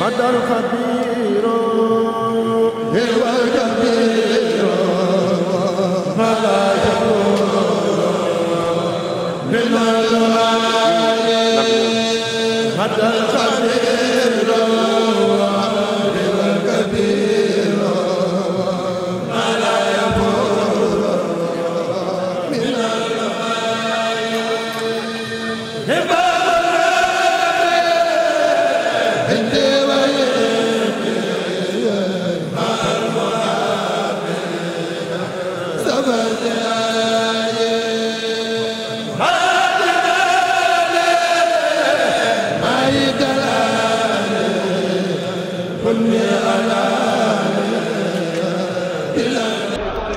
madar xabiro hewa kabiro fala yakuro minal madar xabiro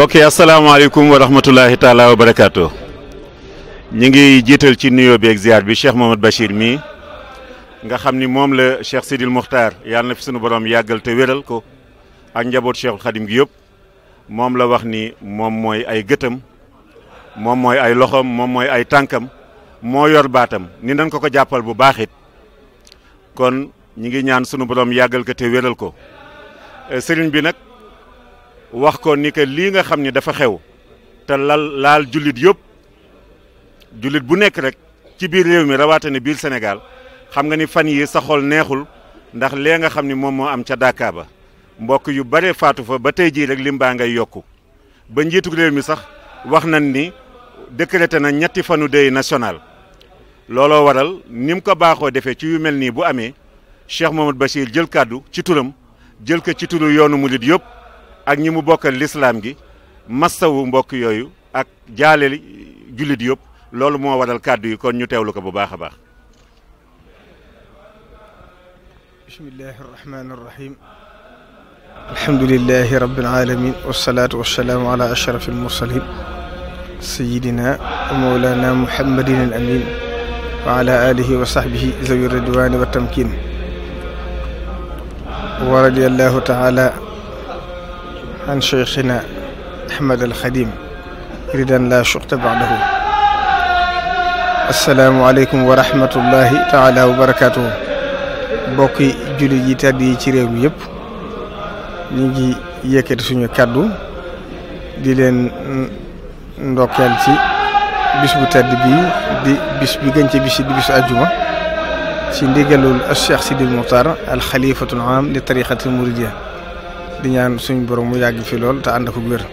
mbokk yi asalaamaaleykum wa rahmatulahi taala wa barakaatu ngi jiital ci nuyoo bi ak ziar bi Cheikh Mohamed Bachir mii nga xam ni moom la Cheikh Sidil Muxtaar yàlla na fi sunu borom yàggal te wéral ko ak njaboot Cheikhul Xadim gi yépp moom la wax ni moom mooy ay gëtam moom mooy ay loxoom moom mooy ay tànkam moo yor baatam ni nañ ko ko jàppal bu baax it kon ñu ngi ñaan sunu borom yàggal ko te wéral ko sëriñ bi nag. wax ko ni que lii nga xam ni dafa xew te lal laal jullit yëpp jullit bu nekk rek ci biir réew mi rawaate ne biir senegal xam nga ni fan yi sa xol neexul ndax lee nga xam ni moom moo am ca Dakar ba mbokk yu bare faatu fa ba tey jii rek lim baa ngay yokku ba njiitu réew mi sax wax nañ ni décrété na ñetti fanu deuil national looloo waral ni mu ko baaxoo defee ci yu mel nii bu amee Cheikh Mamadou Bachir jël kàddu ci turam jël ko ci turu yoonu murid yëpp ak ñi mu bokkal lislaam gi massawu mbokk yooyu ak jaale jullit yëpp loolu moo waral kàddu yi kon ñu teewlu ko bu baax a baax bismillahi arrahmani arrahim alhamdulilahi rabbil alamin wassalaatu wassalaamu ala ashrafil mursalin sayidina wa mawlana muhammadin al amin wa ala alihi wa sahbihi zawi ridwani wa tamkin wa radiyallahu taala an cheikhina ahmad alxadim ridan la chuqta baadahu asalaamualeykum wa rahmatullahi taala wa bokki jullit yi ci réew mi yëpp ñu ngi yëkkati suñu kàddu di leen ndokkeel ci bis bu tedd bii di bis bi ci bis yi di bisu àjjuma ci ndigalul al xalifatul am li tariqatil muridiya di ñaan suñu borom mu yàgg fi lool te ànd ko wér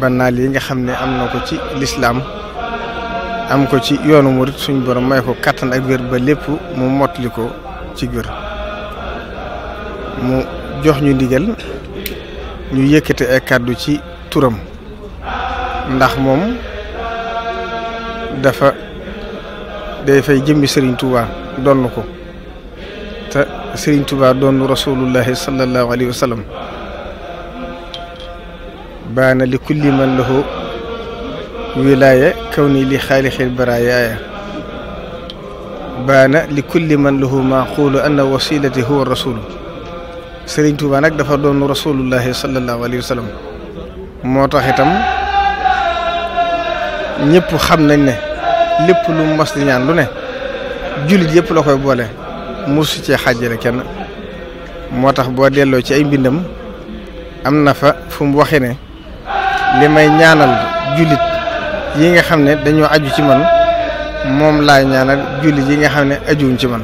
bannaal yi nga xam ne am na ko ci lislaam am ko ci yoonu murit suñ borom may ko kattan ak wér ba lépp mu mottali ko ci wér mu jox ñu ndigal ñu yëkkate ay kàddu ci turam ndax moom dafa day fay jëmmi Sëriñ Tuubaa donn ko te sëriñ Tuubaa doon rasulullahi sallallahu alayhi wa sallam baana li kulli man lahu wilaaya kaw nii li xaalixil baraaya aaya baana li kulli man lahu maaquulu anna wasilati huwa rasulu sëriñ Tuubaa nag dafa doon rasulullahi sallallahu alayhi wa sallam moo tax itam ñëpp xam nañ ne lépp lu mas di ñaan lu ne jullit yëpp la koy boole mosu cee xàjjale kenn moo tax boo delloo ci ay mbindam am na fa fu mu li may ñaanal jullit yi nga xam ne dañoo aju ci man moom laa ñaanal jullit yi nga xam ne ajuwuñ ci man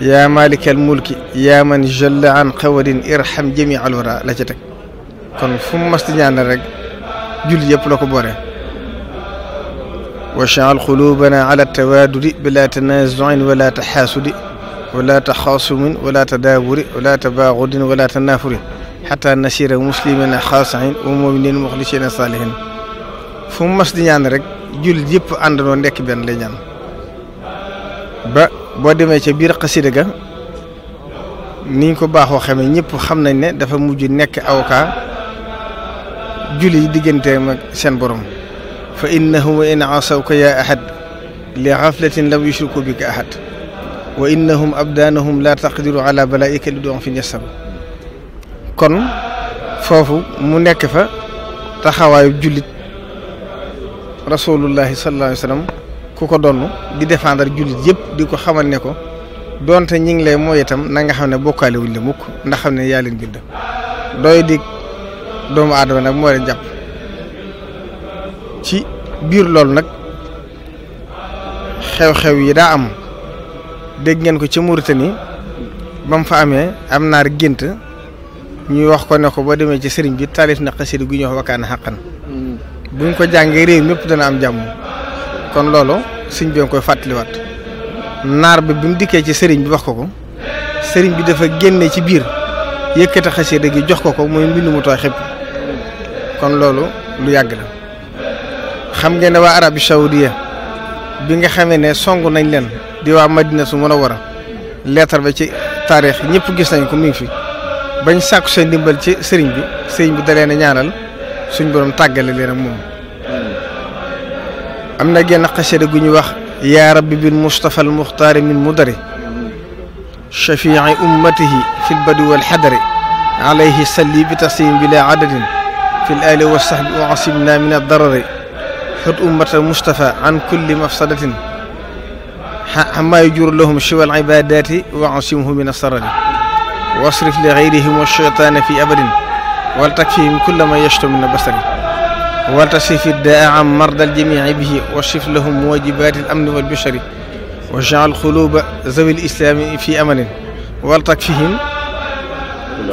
yaa malikal mulki yaa man jalla an xawadin irham jami alwara la ci teg kon fu mu ñaanal rek jullit yëpp la ko booree wajaal quluubana ala tawaadudi bila tanaazuin wala taxaasudi wala taxaasumin wala tadaaburi wala tabaaxudin wala tanaafuri xataa nasiira muslimina xaasiin wa muminin muxlisina saalihin fu mu mas di ñaan rek jullit yëpp àndandoo ndekk benn lay ñaan ba boo demee ca biir xasida ga niñ ko baaxoo xamee ñëpp xam nañ ne dafa mujj nekk awkaa julli yi digganteem seen borom fa innahum wa in asawka yaa ahad li xaflatin lam yushriku bika ahad wa innahum abdaanahum laa taqdiru ala balaika li doon fi ñesam kon foofu mu nekk fa taxawaayu jullit rasulullahi sallallahu alayhi wa sallam ku ko donn di défendre jullit yëpp di ko xamal ne ko doonte ñi ngi lay mooy itam na xam ne bokkaale wuñ la mukk ndax xam ne yaa leen bind dooy dig doomu aadama nag moo leen jàpp ci biir loolu nag xew-xew yi daa am dégg ngeen ko ci Mauritanie ba mu fa amee am naar gént ñuy wax ko ne ko ba demee ci sëriñ bi taalif na xasida gu ñuy wax wakkaana xàqan hmm. buñ ko jàngee réew mépp dana am jàmm kon loolu sëñ bi nga koy fàttaliwaat naar bi bi mu dikkee ci sëriñ bi wax ko ko sëriñ bi dafa génne ci biir yëkkati xasida gi jox ko ko mooy mbind mu tooy xepp kon loolu lu yàgg la xam ngeen ne waa arabi saoudia bi nga xamee ne song nañ leen di waa madina su mën a war a leetar ba ci taarix ñëpp gis nañ ko mi ngi fi bañ sàkku seen ndimbal ci sëriñ bi sëriñ bi da leen a ñaanal suñ borom tàggale leen ak moom am na genn xasida gu ñu wax yaa rabbi bil mustafa al muxtaari min mudari shafii ummatihi fi lbadi walxadari alayhi salli bi taslim bi la adadin fi l ali wa sahbi uasimna min addarari xut ummata Moustapha an kulli mafsadatin xamaa yujur lahum siwal ibadati wa asimhu min asarari wasrif li xeyrihim acheytaana fi abadin wal takfihim kulla ma yashtu min basari wal tasif iddaa an marda aljamici bihi wasif lahum muwajibat alamni walbishari wajal quluba zawi lislami fi amalin wal takfihim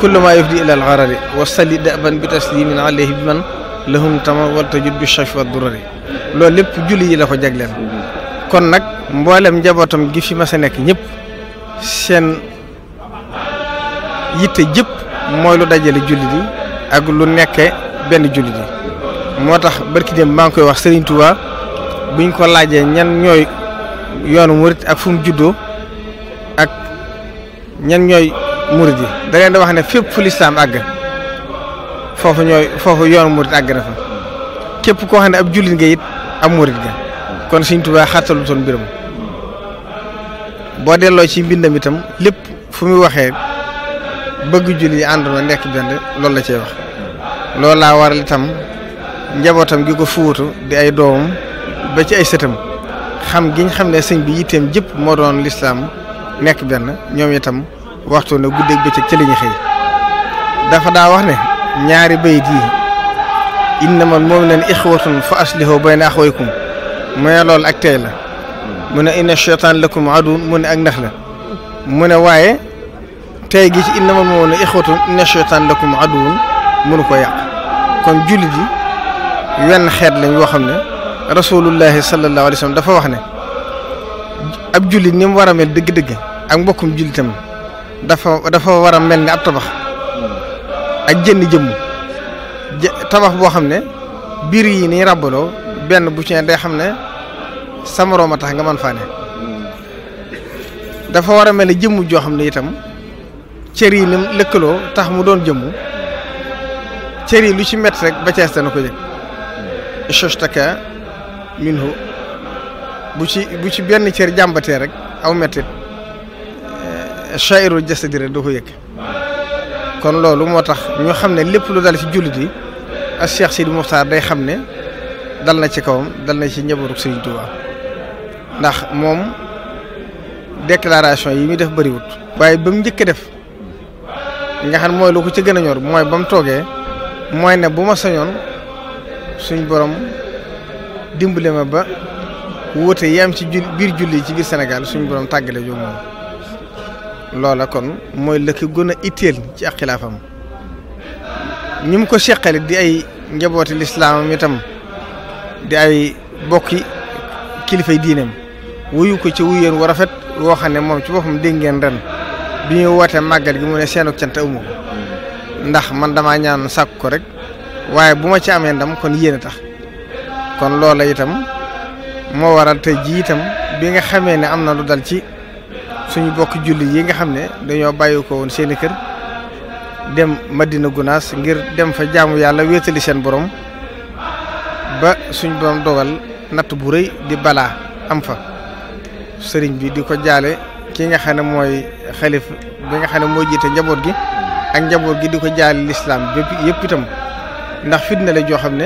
kulla ma yufdi ila algarari wasalli daban bi taslimin alayhi biman lahum tama wal tajud bi shaf wa durari loolu lépp julli yi la ko jagleel kon nag mbooleem njabootam gi fi ma sa nekk ñëpp seen yitte jëpp mooy lu dajale julli di ak lu nekke benn jullit di moo tax barki dem maa ngi koy wax Serigne Touba buñ ko laajee ñan ñooy yoonu murit ak fu mu juddoo ak ñan ñooy murit yi da leen di wax ne fépp fu lislaam àgg foofu ñoo foofu yoonu murit àgg fa képp koo xam ne ab jullit nga it ab murit ga kon Sëriñ Tuubaa xàttalu toon mbiram boo delloo ci mbindam itam lépp fu muy waxee bëgg jullit yi ma nekk benn loolu la cee wax loolu laa waral itam njabootam gi ko fuutu di ay doomam ba ci ay sëtam xam gi ñu xam ne sëñ bi yitteem jëpp moo doon lislaam nekk benn ñoom itam waxtu ne guddeeg bëccëg ci li ñu xëy dafa daa wax ne ñaari bayit yi innamal mu'minuuna ixwatun fa aslihu bayna axawaykum mu ne loolu ak tey la mu ne inna sheytaan lakum aduwwun mu ne ak ndax la mu ne waaye tey gi ci innamal mu'minuuna ixwatun inna sheytaan lakum aduwwun mënu ko yàq kon jullit yi wenn xeet lañ woo xam ne rasulullahi sallallahu alayhi wa dafa wax ne ab jullit ni war a mel dëgg-dëgg ak mbokkum jullitam dafa dafa war a mel ni ab tabax ak jënn jëmm tabax boo xam ne biir yi nii ràbbaloo benn bu ci ne day xam ne sa moroom tax nga mën faa ne dafa war a mel ne jëmm joo xam ne itam cër yi ni lëkkaloo tax mu doon jëmm cër yi lu ci métti rek ba cees dana ko jëg sostaka minhu bu ci bu ci benn cër jàmbatee rek aw mettit chairul eh, jasadi rek doo ko yëg kon loolu moo tax ñu xam ne lépp lu dal ci jullit yi ak Cheikh Sidi Mokhtar day xam ne dal na ci kawam dal na ci njabootu Serigne Touba ndax moom déclaration yi muy def bariwut waaye ba mu njëkk def nga xam mooy lu ko ci gën a ñor mooy ba mu toogee mooy ne bu ma sañoon suñ boroom dimbale ma ba wóote yi am ci biir julli ci biir senegal suñ boroom tàggale joo moom loola kon mooy lëkk ko gën a itteel ci ak xilaafam ñi ko seqalit di ay njabooti lislaamam itam di ay bokki kilifa diineem wuyu ko ci wuyeen wu rafet woo xam ne moom ci boppam dégg ngeen ren bi ñu wootee màggal gi mu ne seenuk cant amu ndax man damaa ñaan sàkk ko rek waaye bu ma ci amee ndam kon yéen a tax kon loola itam moo waral tey ji itam bi nga xamee ne am na lu dal ci suñu bokk julli yi nga xam ne dañoo bàyyi ko woon seeni kër dem Madina Gunaas ngir dem fa jaamu yàlla wéetali seen borom ba suñ borom dogal natt bu rëy di balaa am fa sëriñ bi di ko jaale ki nga xam ne mooy xalif bi nga xam ne mooy jiite njaboot gi ak njaboot gi di ko jaale lislaam bépp yëpp itam ndax fitna la joo xam ne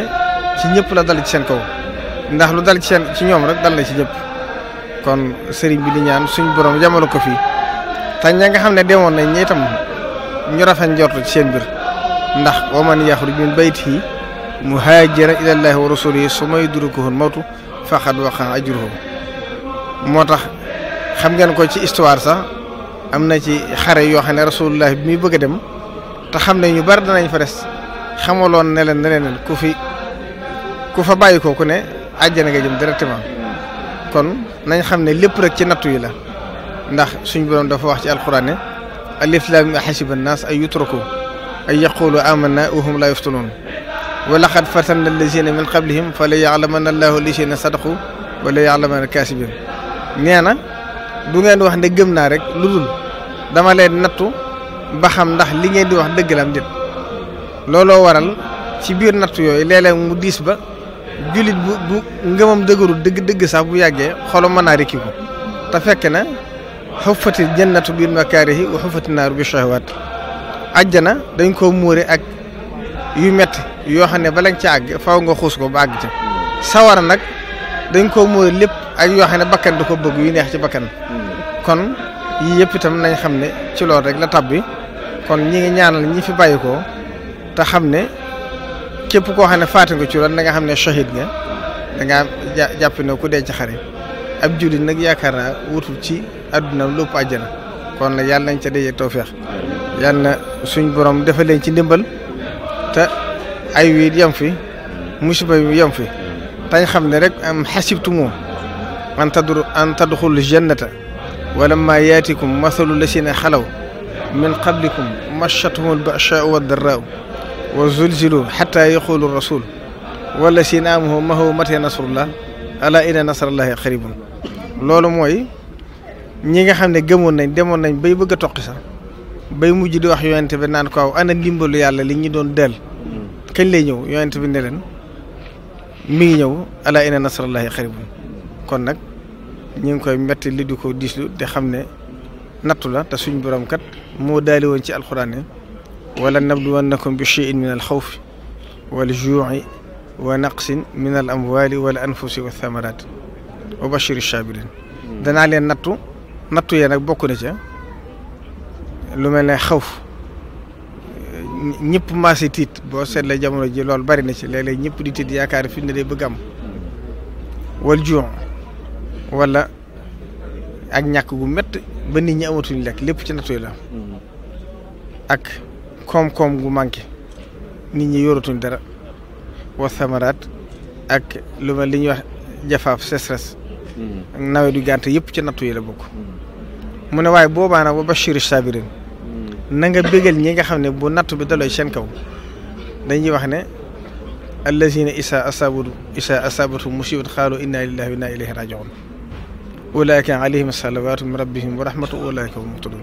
ci ñëpp la dal ci seen kaw ndax lu dal ci seen ci ñoom rek dal na ci ñëpp kon sëriñ bi di ñaan suñ borom jamono ko fii te ña nga xam ne demoon nañ ñi itam ñu rafet njortu ci seen biir ndax wa man yaxruj min baytihi muhaajira ilallaahi wa rasulihi summa yudrikuhu mawtu faqad a juróom moo tax xam ngeen ko ci histoire sax am na ci xare yoo xam ne rasulullah bi muy bëgg a dem te xam ne ñu bari danañ fa des xamaloon ne leen ne leen ku fi ku fa bàyyi ko ku ne àjjana nga jëm directement. kon nañ xam ne lépp rek ci nattu yi la ndax suñ boroom dafa wax ci alxuraan ne alif laam ahasiba nnaas ay yutraku ay yaqulu amanna wa hum laa yuftanuun wa laqad fatanna allaziina min qablihim fa la ya'lamanna allaahu allaziina sadaqu wa la ya'lamanna kaasibiin nee na du ngeen di wax ne gëm naa rek lu dul dama leen nattu ba xam ndax li ngeen di wax dëgg la am déet looloo waral ci biir nattu yooyu léeg mu diis ba. jullit bu bu ngëmam dëgërul dëgg dëgg sax bu yàggee xolam mën naa rekki ko te fekk na xufati jannatu bil makaarihi wa xufati naaru bi shahwaat ajjana dañ koo muure ak yu metti yoo xam ne bala ci àgg faw nga xuus ko ba àgg ca sawara nag dañ koo muure lépp ak yoo xam ne ko bëgg yu neex ci bakkan kon yii yëpp itam nañ xam ne ci loolu rek la tabbi kon ñi ngi ñaanal ñi fi bàyyi ko te xam ne képp koo xam ne faatu nga ci loolu da xam ne shahid nga da jàpp ne ku dee ci xare ab jullit nag yaakaar naa wutul ci adduna lépp àjjana kon nag yàlla nañ ca dajee tawféex yàlla na suñ borom defal leen ci ndimbal te ay wiit yem fi musiba yu yem fi tañ xam ne rek am xasibtumu an tadru an tadxul jannata wala yaatikum masalu la si ne xalaw min qablikum machathumul bachaa wa darraaw wa zulzilu xataa yaqulu rasul wala si naamuhu mahu matee nasrullah ala ina nasrallahi xaribun loolu mooy ñi nga xam ne gëmoon nañ demoon nañ bay bëgg a toqi sax bay mujj di wax yonente bi naan ko aw ana ndimbalu yàlla li ñu doon del kañ lay ñëw yonente bi ne leen mi ngi ñëw ala ina nasrallahi xaribun kon nag ñu ngi koy metti li di ko diislu di xam ne nattu la te suñ borom kat moo daali woon ci alxuraan ne wala nabluwannakum bi cheyin min alxawf waljuuci wa naqsin min al wal anfusi wa thamarat wa bashir sabirin danaa leen nattu nattu yee nag bokk na ca lu mel ni xawf ñëpp maase tiit boo seetlee jamono ji loolu bari na ci léeg-léeg ñëpp di tiit yaakaar fi ne day bëgg am wal juuc wala ak ñàkk gu métt ba nit ñi lekk lépp ci nattu yi la ak koom-koom gu manqué ni ñi yoratuñ dara wa samaraat ak lu li ñuy wax jafaaf sécheresse hmm. ak nawet du gànt yëpp ci nattu yi la bokk hmm. ne waaye boobaa nag wa bashiri sabirin hmm. na nga bégal ñi nga xam ne bu nattu bi dalooy seen kaw dañuy wax ne allazina isa asabatu isa asabatu musibat xaalu inna lillahi wa inna ilayhi rajiun ulaika alayhim salawatu min rabbihim wa rahmatu ulaika hum muhtadun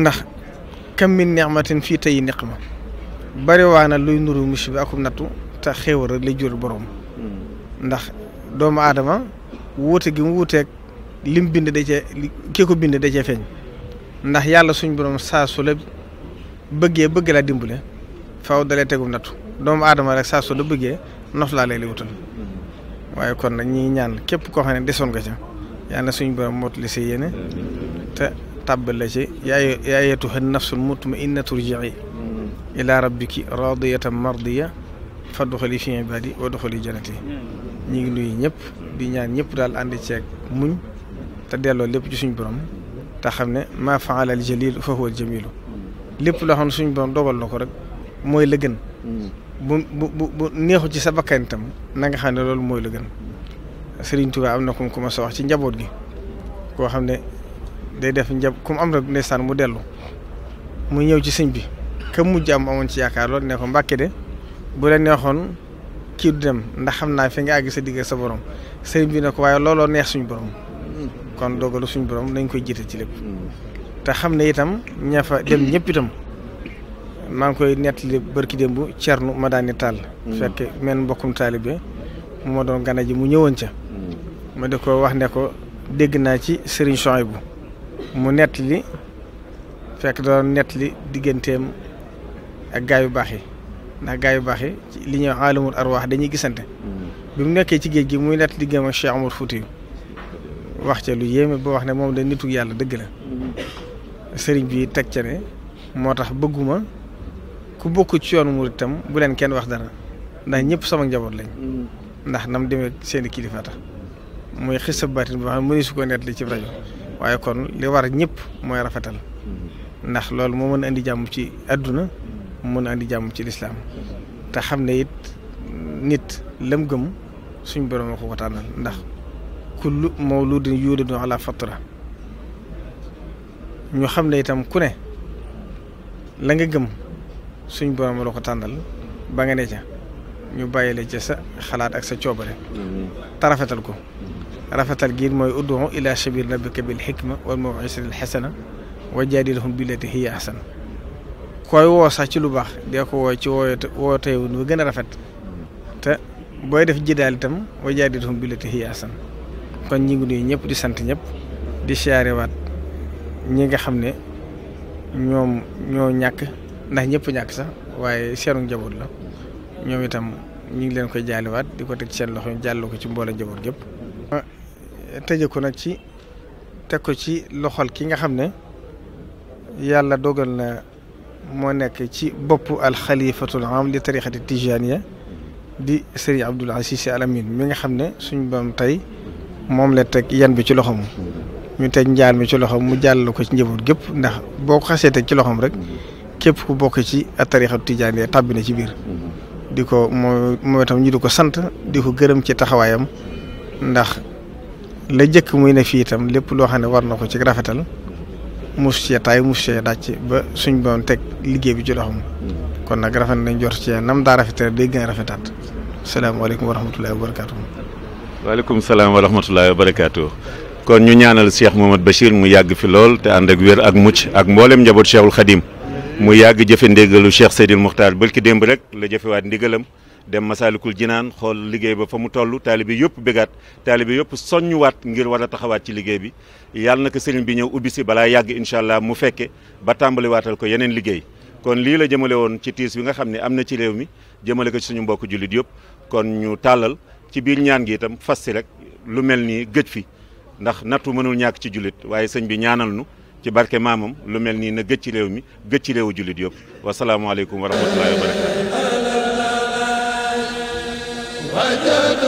ndax kam min nicmatin fii tey niqma bari waa luy nuru musiba akum nattu te xéewal la lay jur hmm. ndax doomu aadama wuute gi mu wuuteeg lim bind da cee ki ko bind da cee feeñ ndax yàlla suñ borom saa su la bëggee bëgg laa dimbale faaw dalee tegum nattu doomu aadama rek saa su la bëggee nof laa lay wutal hmm. waaye kon nag ñi ñaan képp koo xam ne desoon nga ca yàlla suñ borom mottali sa yéene te tàbbal la ci yaay yaayatuha nafsul mutmainna turjii ila rabbiki radiyatan mardiya fa doxali fi ibadi wa doxali janati ñu ngi nuyu ñëpp di ñaan ñëpp daal ànd ceeg muñ te delloo lépp ci suñ borom te xam ne ma faala al jalil fa huwa al lépp loo xam ne suñ borom dogal na ko rek mooy la gën bu bu ci sa bakkan itam na nga xam ne loolu mooy la gën Sëriñ Tuubaa am na ku mu commencé wax ci njaboot gi koo xam ne day def njab ku mu am rek ndeysaan mu dellu mu ñëw ci sëñ bi ka mujj am amoon ci yaakaar loolu ne mbàkke de bu la neexoon kii du dem ndax xam naa fi nga àgg sa digg sa borom sëñ bi ne ko waaye looloo neex suñu borom kon dogalu suñu borom dañ koy jiite ci lépp te xam ne itam ña fa dem ñëpp itam maa ngi koy nettali barki démb Cernu Madani Tall fekk men mbokkum taalibe mu ma doon gana ji mu ñëwoon ca mm. ma di ko wax ne ko dégg naa ci Serigne Souhaïbou mu nettali fekk doon nettali digganteem ak gaa yu baax yi ndax gaa yu baax yi li ñuy wax alamul arwaax dañuy gisante bi mu nekkee ci géej gi muy nettali diggam ak Cheikh Omar Fouti wax ca lu yéeme ba wax ne moom da nituk yàlla dëgg la sëriñ bi teg ca ne moo tax bëgguma ku bokk ci yoonu murit itam bu leen kenn wax dara ndax ñëpp sama njaboot lañ ndax nam demee seeni kilifa tax muy xis sa baatin boo xam ne mëneesu ko nettali ci rajo waaye kon li war ñëpp mooy rafetal mm-hmm. ndax loolu moo mën a indi jàmm ci àdduna mën a indi jàmm ci lislaam te xam ne it nit lam gëm suñ borom ko ko tànnal ndax kullu mawludin yuuladu ala fatra ñu xam ne itam ku ne la nga gëm suñ borom ko tànnal ba nga ne ca ñu bàyyi la ci sa xalaat ak sa coobare mm-hmm. rafetal ko mm-hmm. rafetal gi mooy ud'u ila sabili rabbika bil hikma wal maw'izatil hasana wa jaadilhum billati hiya ahsan koy woo sax ci lu baax dee ko ci wooyote wootewu nu gën a rafet te booy def jidaal itam wa jaadilhum billati hiya ahsan kon ñi ngi nuyu ñëpp di sant ñëpp di siyaarewaat ñi nga xam ne ñoom ñoo ñàkk ndax ñëpp ñàkk sax waaye seenu njaboot la ñoom itam ñu ngi leen koy jaaliwaat di ko teg seen loxo jàll ko ci mboolem njaboot gépp tëje ko nag ci teg ko ci loxol ki nga xam ne yàlla dogal na moo nekk ci bopp alxalifatul am li tarixati ya di sëriñ Abdul Aziz Sy mi nga xam ne suñ bam tey moom la teg yan bi ci loxoom ñu teg njaan mi ci loxo mu jàll ko ci njaboot gépp ndax boo xasee teg ci loxoom rek képp ku bokk ci tarixatu tijaaniya tàbbi na ci biir di ko moo moo itam ñu di ko sant di ko gërëm ci taxawaayam ndax la jëkk muy ne fii itam lépp loo xam ne war na ko ci rafetal mos cee taay mos cee dàcc ba suñ boon teg liggéey bi ci loxoom kon nag rafet nañ jot cee nam daa rafetal day gën a rafetaat salaamaaleykum wa rahmatullahi wa barakaatu. salaam wa rahmatullahi wa kon ñu ñaanal Cheikh Mouhamed Bachir mu yàgg fi lool te ànd ak wér ak mucc ak mboolem njaboot Cheikhul Khadim mu yàgg jëfe ndégalu Cheikh Seydil Muxtaar bërki démb rek la jëfewaat ndigalam. dem Masaalikul Jinaan xool liggéey ba fa mu toll taalibe yëpp bégaat taalibe yëpp soññuwaat ngir war a taxawaat ci liggéey bi yàlla na ko sëriñ bi ñëw ubbi si balaa yàgg incha allah mu fekke ba tàmbaliwaatal ko yeneen liggéey kon lii la jëmale woon ci tiis bi nga xam ne am na ci réew mi jëmale ko suñu mbokk jullit yëpp kon ñu tàllal ci biir ñaan gi itam fas si rek lu mel ni gëj fi ndax nattu mënul ñàkk ci jullit waaye sëñ bi ñaanal nu ci barke maamam lu mel nii na gëj ci réew mi gëj ci yëpp wasalaamaaleykum wa wajad